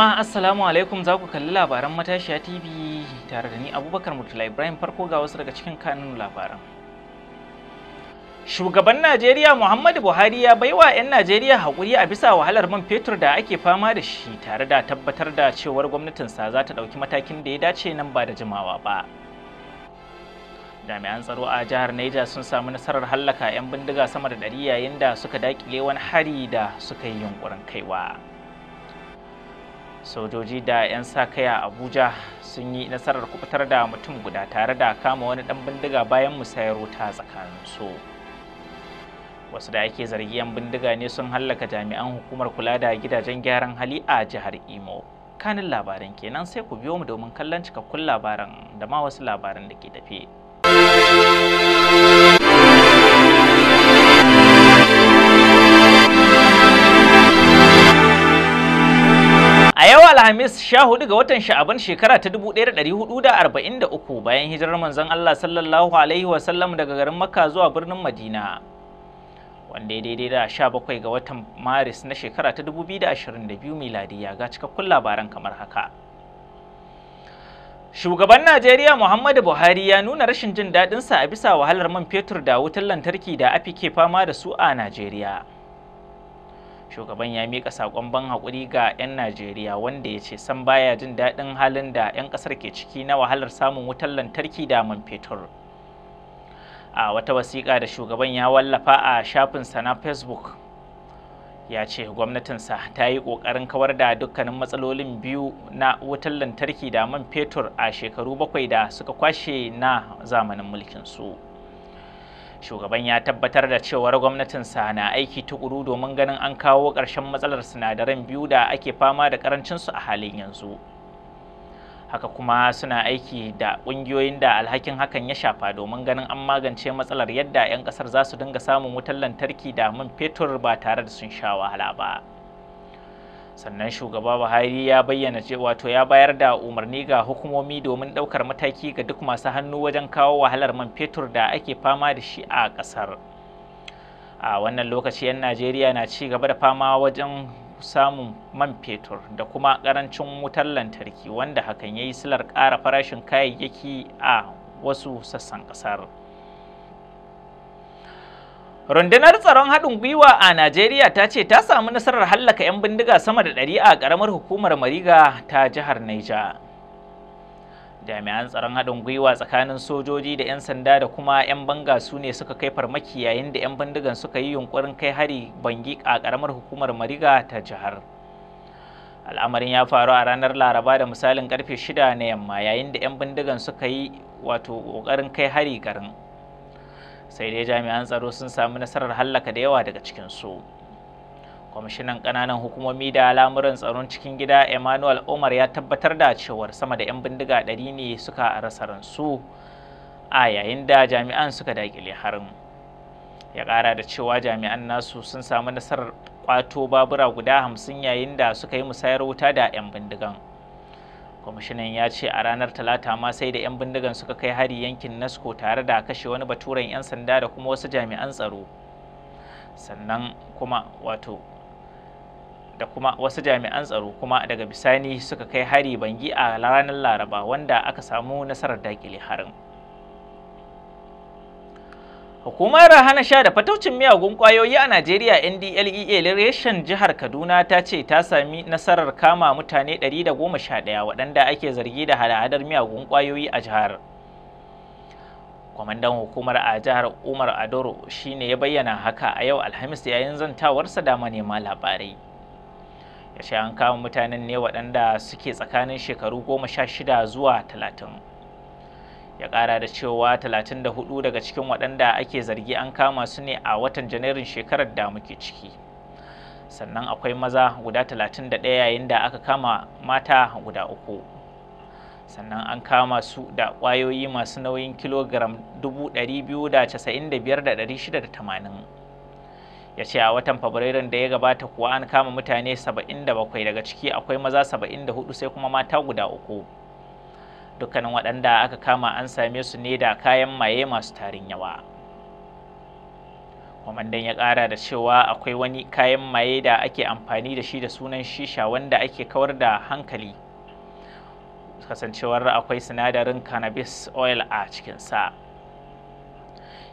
Jama'a Assalamu alaikum za ku kalli labaran matashiya TV tare da ni Abubakar Murtala Ibrahim farko ga wasu daga cikin kanun labaran. Shugaban Najeriya Muhammadu Buhari ya baiwa 'yan Najeriya haƙuri a bisa wahalar man fetur da ake fama da shi tare da tabbatar da cewar gwamnatinsa za ta ɗauki matakin da ya dace nan ba da jimawa ba. Jami'an tsaro a jihar Niger sun samu nasarar hallaka 'yan bindiga sama da ɗari yayin da suka daƙile wani hari da suka yi yunƙurin kaiwa. sojoji da 'yan sa a abuja sun yi nasarar kubutar da mutum guda tare da kama wani dan bindiga bayan musayar wuta tsakanin su wasu da ake zargi 'yan bindiga ne sun hallaka jami'an hukumar kula da gidajen gyaran hali a jihar imo kanin labarin kenan sai ku biyo mu domin kallon cikakkun labaran da ma wasu labaran da ke tafe. A yau Alhamis sha hudu ga watan Sha'aban shekara ta dubu da da da hudu arba'in uku bayan hijirar manzon Allah sallallahu alaihi wasallam daga garin Makka zuwa birnin Madina. Wanda ya daidai da bakwai ga watan Maris na shekara ta dubu biyu da da ashirin 2022 ya ga cikakkun labaran kamar haka. Shugaban Najeriya Muhammadu Buhari ya nuna rashin jin daɗinsa a bisa wahalar man fetur da wutar lantarki da afi ke fama da su a Najeriya. shugaban ya mika sakon ban hakuri ga 'yan najeriya wanda ya ce san baya jin daɗin halin da 'yan ƙasar ke ciki na wahalar samun wutar lantarki da man fetur a wata wasiƙa da shugaban ya wallafa a shafin sa na facebook ya ce gwamnatinsa ta yi ƙoƙarin kawar da dukkanin matsalolin biyu na wutar lantarki da man fetur a shekaru bakwai da suka kwashe na zamanin mulkin su shugaban ya tabbatar da cewar gwamnatinsa na aiki tukuru domin ganin an kawo ƙarshen matsalar sinadaran biyu da ake fama da ƙarancinsu a halin yanzu haka kuma suna aiki da ƙungiyoyin da alhakin hakan ya shafa domin ganin an magance matsalar yadda 'yan ƙasar za su dinga samun wutar lantarki da man fetur ba tare da sun sha wahala ba. sannan shugaba buhari ya bayyana cewa to ya bayar da umarni ga hukumomi domin daukar mataki ga duk masu hannu wajen kawo wahalar man fetur da ake fama da shi a kasar a wannan lokaci 'yan najeriya na ci gaba da fama wajen samun man fetur da kuma karancin wutar lantarki wanda hakan ya yi silar kara farashin kayayyaki a wasu sassan kasar. Rundunar tsaron haɗin gwiwa a Najeriya ta ce ta samu nasarar hallaka 'yan bindiga sama da ɗari a ƙaramar hukumar Mariga ta jihar Naija. Jami'an tsaron haɗin gwiwa tsakanin sojoji da 'yan sanda da kuma 'yan banga su ne suka kai farmaki yayin da 'yan bindigan suka yi yunkurin kai hari bangi a ƙaramar hukumar Mariga ta jihar. al'amarin ya faru a ranar laraba da misalin karfe 6 na yamma yayin da 'yan bindigan suka yi wato ƙoƙarin kai hari garin sai dai jami'an tsaro sun samu nasarar hallaka da yawa daga cikinsu kwamishinan kananan hukumomi da lamuran tsaron cikin gida emmanuel omar ya tabbatar da cewar sama da 'yan bindiga 100 ne suka rasa ransu a yayin da jami'an suka dakile harin ya kara da cewa jami'an nasu sun samu nasarar kwato babura guda hamsin yayin da suka yi musayar wuta da 'yan bindigan kwamishinan ya ce a ranar talata ma sai da 'yan bindigan suka kai hari yankin nasko tare da kashe wani baturen 'yan sanda da kuma wasu jami'an tsaro sannan kuma wato da kuma wasu jami'an tsaro kuma daga bisani suka kai hari bangi a ranar laraba wanda aka samu nasarar dakile harin Hukumar hana sha da fataucin miyagun kwayoyi a Najeriya NDLEA Liberation jihar Kaduna ta ce ta sami nasarar kama mutane 111 waɗanda ake zargi da hada-hadar miyagun kwayoyi a jihar. Kwamandan hukumar a jihar Umar Adoro shine ya bayyana haka a yau Alhamis yayin zantawarsa da manema labarai. Ya an kama mutanen ne waɗanda suke tsakanin shekaru 16 zuwa 30. ya ƙara da cewa 34 daga cikin waɗanda ake zargi an kama su ne a watan janairun shekarar da muke ciki sannan akwai maza guda 31 yayin da aka kama mata guda uku sannan an kama su da ƙwayoyi masu nauyin kilogram 295,680 ya ce a watan fabrairun da ya gabata kuwa an kama mutane 77 daga ciki akwai maza 74 sai kuma mata guda uku dukkanin waɗanda aka kama an same su ne da kayan maye masu tarin yawa kwamandan ya ƙara da cewa akwai wani kayan maye da ake amfani da shi da sunan shisha wanda ake kawar da hankali kasancewar akwai sinadarin cannabis oil a cikinsa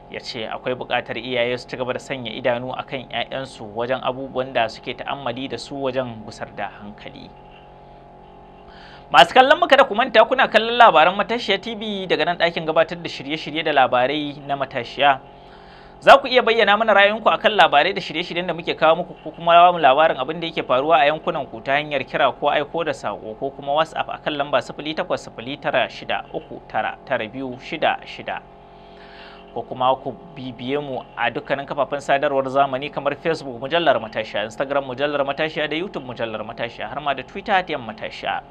ya ce akwai buƙatar iyaye su ci gaba da sanya idanu akan 'ya'yansu wajen abubuwan da suke ta'ammali da su wajen busar da hankali. Masu kallon muka da manta kuna kallon labaran matashiya TV daga nan ɗakin gabatar da shirye-shirye da labarai na matashiya. Za ku iya bayyana mana ra'ayinku akan labarai da shirye-shiryen da muke kawo muku ko kuma rawa mu labarin abin da yake faruwa a yankunan ku ta hanyar kira ko aiko da sako ko kuma WhatsApp akan lamba 08096399266. ko kuma ku bibiye mu a dukkanin kafafen sadarwar zamani kamar facebook mujallar matashiya instagram mujallar matashiya da youtube mujallar matashiya har ma da twitter ta matashiya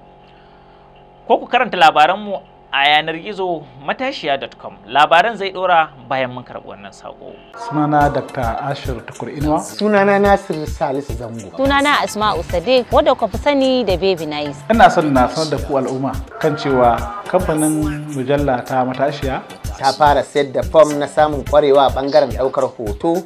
ko ku karanta labaranmu a yanar gizo matashiya.com labaran zai dora bayan mun karɓi wannan sako. Sunana Dr. Ashir Tukur Inuwa. Sunana Nasir Salisu Zango. Sunana Asma'u Sadiq wadda ku fi sani da Baby Nice. Ina son na sanar da ku al'umma kan cewa kamfanin mujalla ta matashiya ta fara sayar da fom na samun kwarewa a bangaren daukar hoto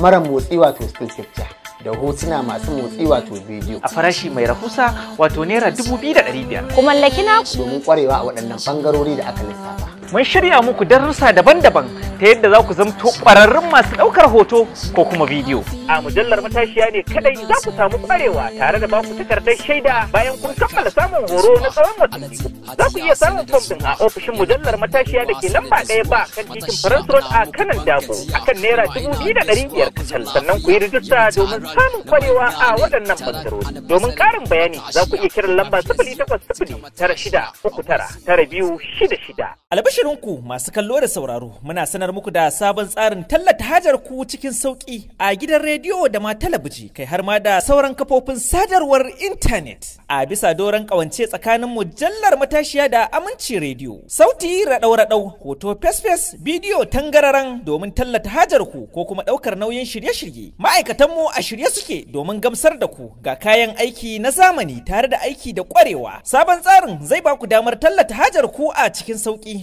mara motsi wato still picture. da hotuna masu motsi wato bidiyo a farashi mai rahusa wato naira 2500 ku mallaki na domin kwarewa a waɗannan bangarori da aka lissafa mun shirya muku darussa daban-daban ta yadda za ku zamto ƙwararrun masu ɗaukar hoto ko kuma bidiyo. A mujallar matashiya ne kadai za ku samu ƙwarewa tare da baku takardar shaida bayan kun kammala samun horo na tsawon watanni. Za ku iya samun fom ɗin a ofishin mujallar matashiya da ke lamba ɗaya ba kan titin Faransu Road a kanan Dabo kan naira dubu biyu da ɗari biyar kacal sannan ku yi rijista domin samun ƙwarewa a waɗannan bangarori. Domin ƙarin bayani za ku iya kiran lamba sifili takwas sifili tara shida uku tara tara biyu shida shida. ku masu kallo da sauraro muna sanar muku da sabon tsarin tallata hajar ku cikin sauki a gidan rediyo da ma talabiji kai har ma da sauran kafofin sadarwar intanet a bisa doron kawance tsakanin mujallar matashiya da aminci rediyo sauti raɗau-raɗau hoto fesfes bidiyo tangararan domin tallata hajar ku ko kuma ɗaukar nauyin shirye-shirye ma'aikatanmu a shirye suke domin gamsar da ku ga kayan aiki na zamani tare da aiki da kwarewa sabon tsarin zai ba ku damar tallata hajar ku a cikin sauki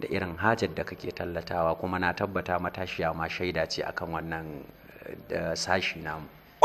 da irin hajar da kake tallatawa kuma na tabbata matashiya ma shaida ce akan wannan eh, sashi namu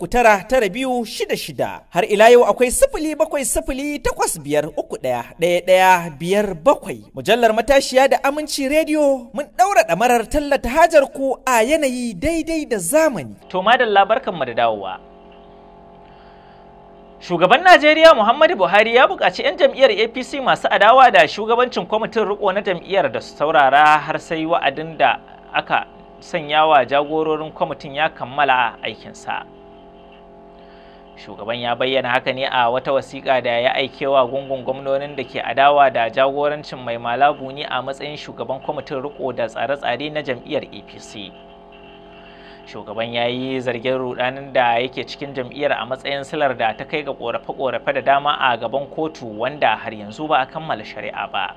uku tara tara biyu shida shida har ila yau akwai sifili bakwai sifili takwas biyar uku ɗaya ɗaya ɗaya biyar bakwai mujallar matashiya da aminci rediyo mun ɗaura ɗamarar tallata hajar ku a yanayi daidai da zamani. To madalla mu da dawowa. Shugaban Najeriya Muhammadu Buhari ya buƙaci 'yan jam'iyyar APC masu adawa da shugabancin kwamitin riko na jam'iyyar da su saurara har sai wa'adin da aka sanyawa jagororin kwamitin ya kammala aikinsa. shugaban ya bayyana haka ne a wata wasiƙa da ya aikewa gungun gwamnonin da ke adawa da jagorancin mai malabu ne a matsayin shugaban kwamitin riko da tsare-tsare na jam'iyyar apc shugaban ya yi zargin rudanin da yake cikin jam'iyyar a matsayin silar da ta kai ga korafe-korafe da dama a gaban kotu wanda har yanzu ba a kammala shari'a ba.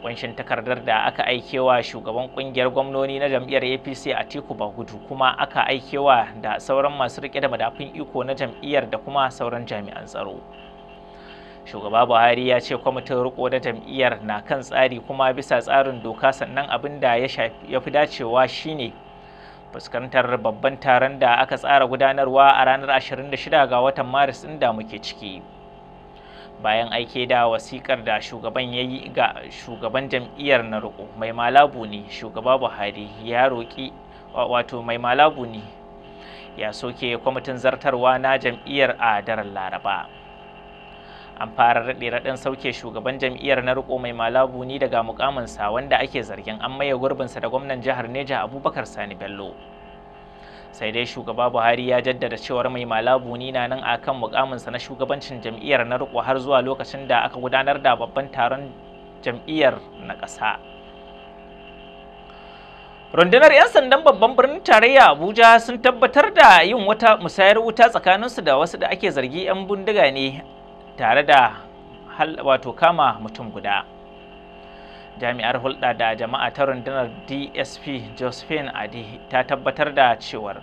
kunshin takardar da aka aikewa shugaban kungiyar gwamnoni na jam'iyyar apc a tiku bagudu kuma aka aikewa da sauran masu rike da madafin iko na jam'iyyar da kuma sauran jami'an tsaro shugaba buhari ya ce kwamitin riko da jam'iyyar na kan tsari kuma bisa tsarin doka sannan abin da ya fi dacewa shine fuskantar babban taron da aka tsara gudanarwa a ranar 26 ga watan maris inda muke ciki. bayan aike da wasikar da shugaban ya yi ga shugaban jam'iyyar na roƙo mai malabu ne shugaba buhari ya roƙi wato mai malabu ne ya soke kwamitin zartarwa na jam'iyyar a daren laraba an fara raɗe raɗen sauke shugaban jam'iyyar na riƙo mai malabu ni daga mukaminsa wanda ake zargin an maye gurbinsa da gwamnan jihar neja abubakar sani bello sai dai shugaba buhari ya jaddada cewar mai malabu ni na nan akan mukaminsa na shugabancin jam'iyyar na riko har zuwa lokacin da aka gudanar da babban taron jam'iyyar na ƙasa rundunar 'yan sandan babban birnin tarayya abuja sun tabbatar da yin wata musayar wuta tsakaninsu da wasu da ake zargi 'yan bindiga ne tare da wato kama mutum guda jami'ar hulɗa da jama'a ta rundunar dsp josephine adi ta tabbatar da cewar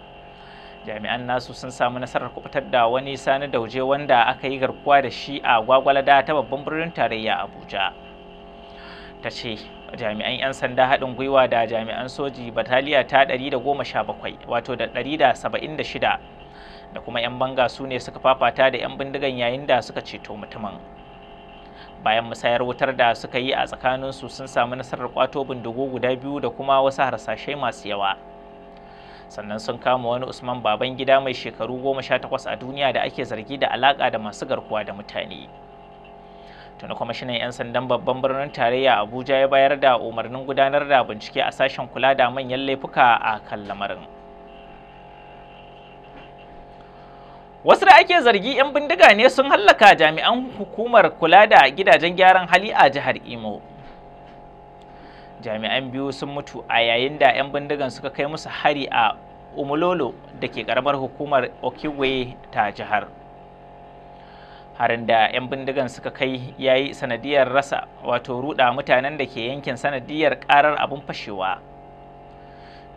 jami'an nasu sun samu nasarar kubutar da wani sani dauje wanda aka yi garkuwa da shi a gwagwalada ta babban birnin tarayya abuja ta ce jami'an 'yan sanda haɗin gwiwa da jami'an soji bataliya ta 117 wato da 176 da kuma 'yan banga su ne suka fafata da 'yan bindigan yayin da suka ceto mutumin bayan musayar wutar da suka yi a tsakaninsu sun samu nasarar kwato bindigo guda biyu da kuma wasu harsashai masu yawa sannan sun kama wani usman baban gida mai shekaru goma sha takwas a duniya da ake zargi da alaka da masu garkuwa da mutane tuni kwamishinan 'yan sandan babban birnin tarayya abuja ya bayar da umarnin gudanar da bincike a sashen kula da manyan laifuka a kan lamarin Wasu da ake zargi 'yan bindiga ne sun hallaka jami'an hukumar kula da gidajen gyaran hali a jihar Imo. Jami'an biyu sun mutu a yayin da 'yan bindigan suka kai musu hari a Umulolo da ke karamar hukumar Okigwe ta jihar. Harin da 'yan bindigan suka kai ya yi sanadiyar rasa wato ruɗa mutanen da ke yankin sanadiyar ƙarar abun fashewa.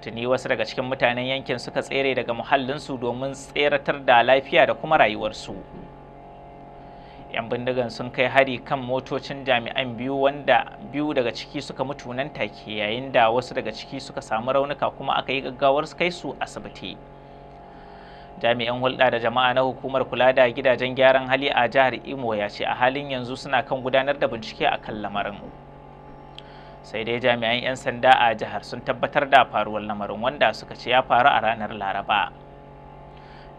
tuni wasu daga cikin mutanen yankin suka tsere daga muhallinsu domin tseratar da lafiya da kuma rayuwarsu 'yan bindigan sun kai hari kan motocin jami'an biyu wanda biyu daga ciki suka mutu nan take yayin da wasu daga ciki suka samu raunuka kuma aka yi gaggawar kai su asibiti jami'an hulɗa da jama'a na hukumar kula da gidajen gyaran hali a jihar imo ya ce a halin yanzu suna kan gudanar da bincike a kan lamarin sai dai jami'an 'yan sanda a jihar sun tabbatar da faruwar lamarin wanda suka ce ya faru a ranar laraba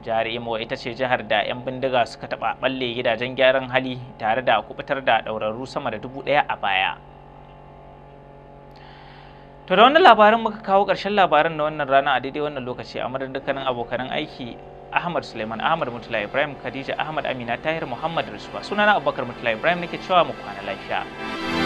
jihar imo ita ce jihar da 'yan bindiga suka taɓa ɓalle gidajen gyaran hali tare da kubutar da ɗaurarru sama da dubu ɗaya a baya to da wannan labarin muka kawo ƙarshen labarin na wannan rana a daidai wannan lokaci a madadin dukkanin abokanan aiki ahmad suleiman ahmad mutula ibrahim khadija ahmad amina tahir muhammad rasuwa sunana abubakar mutula ibrahim nake cewa mu kwana lafiya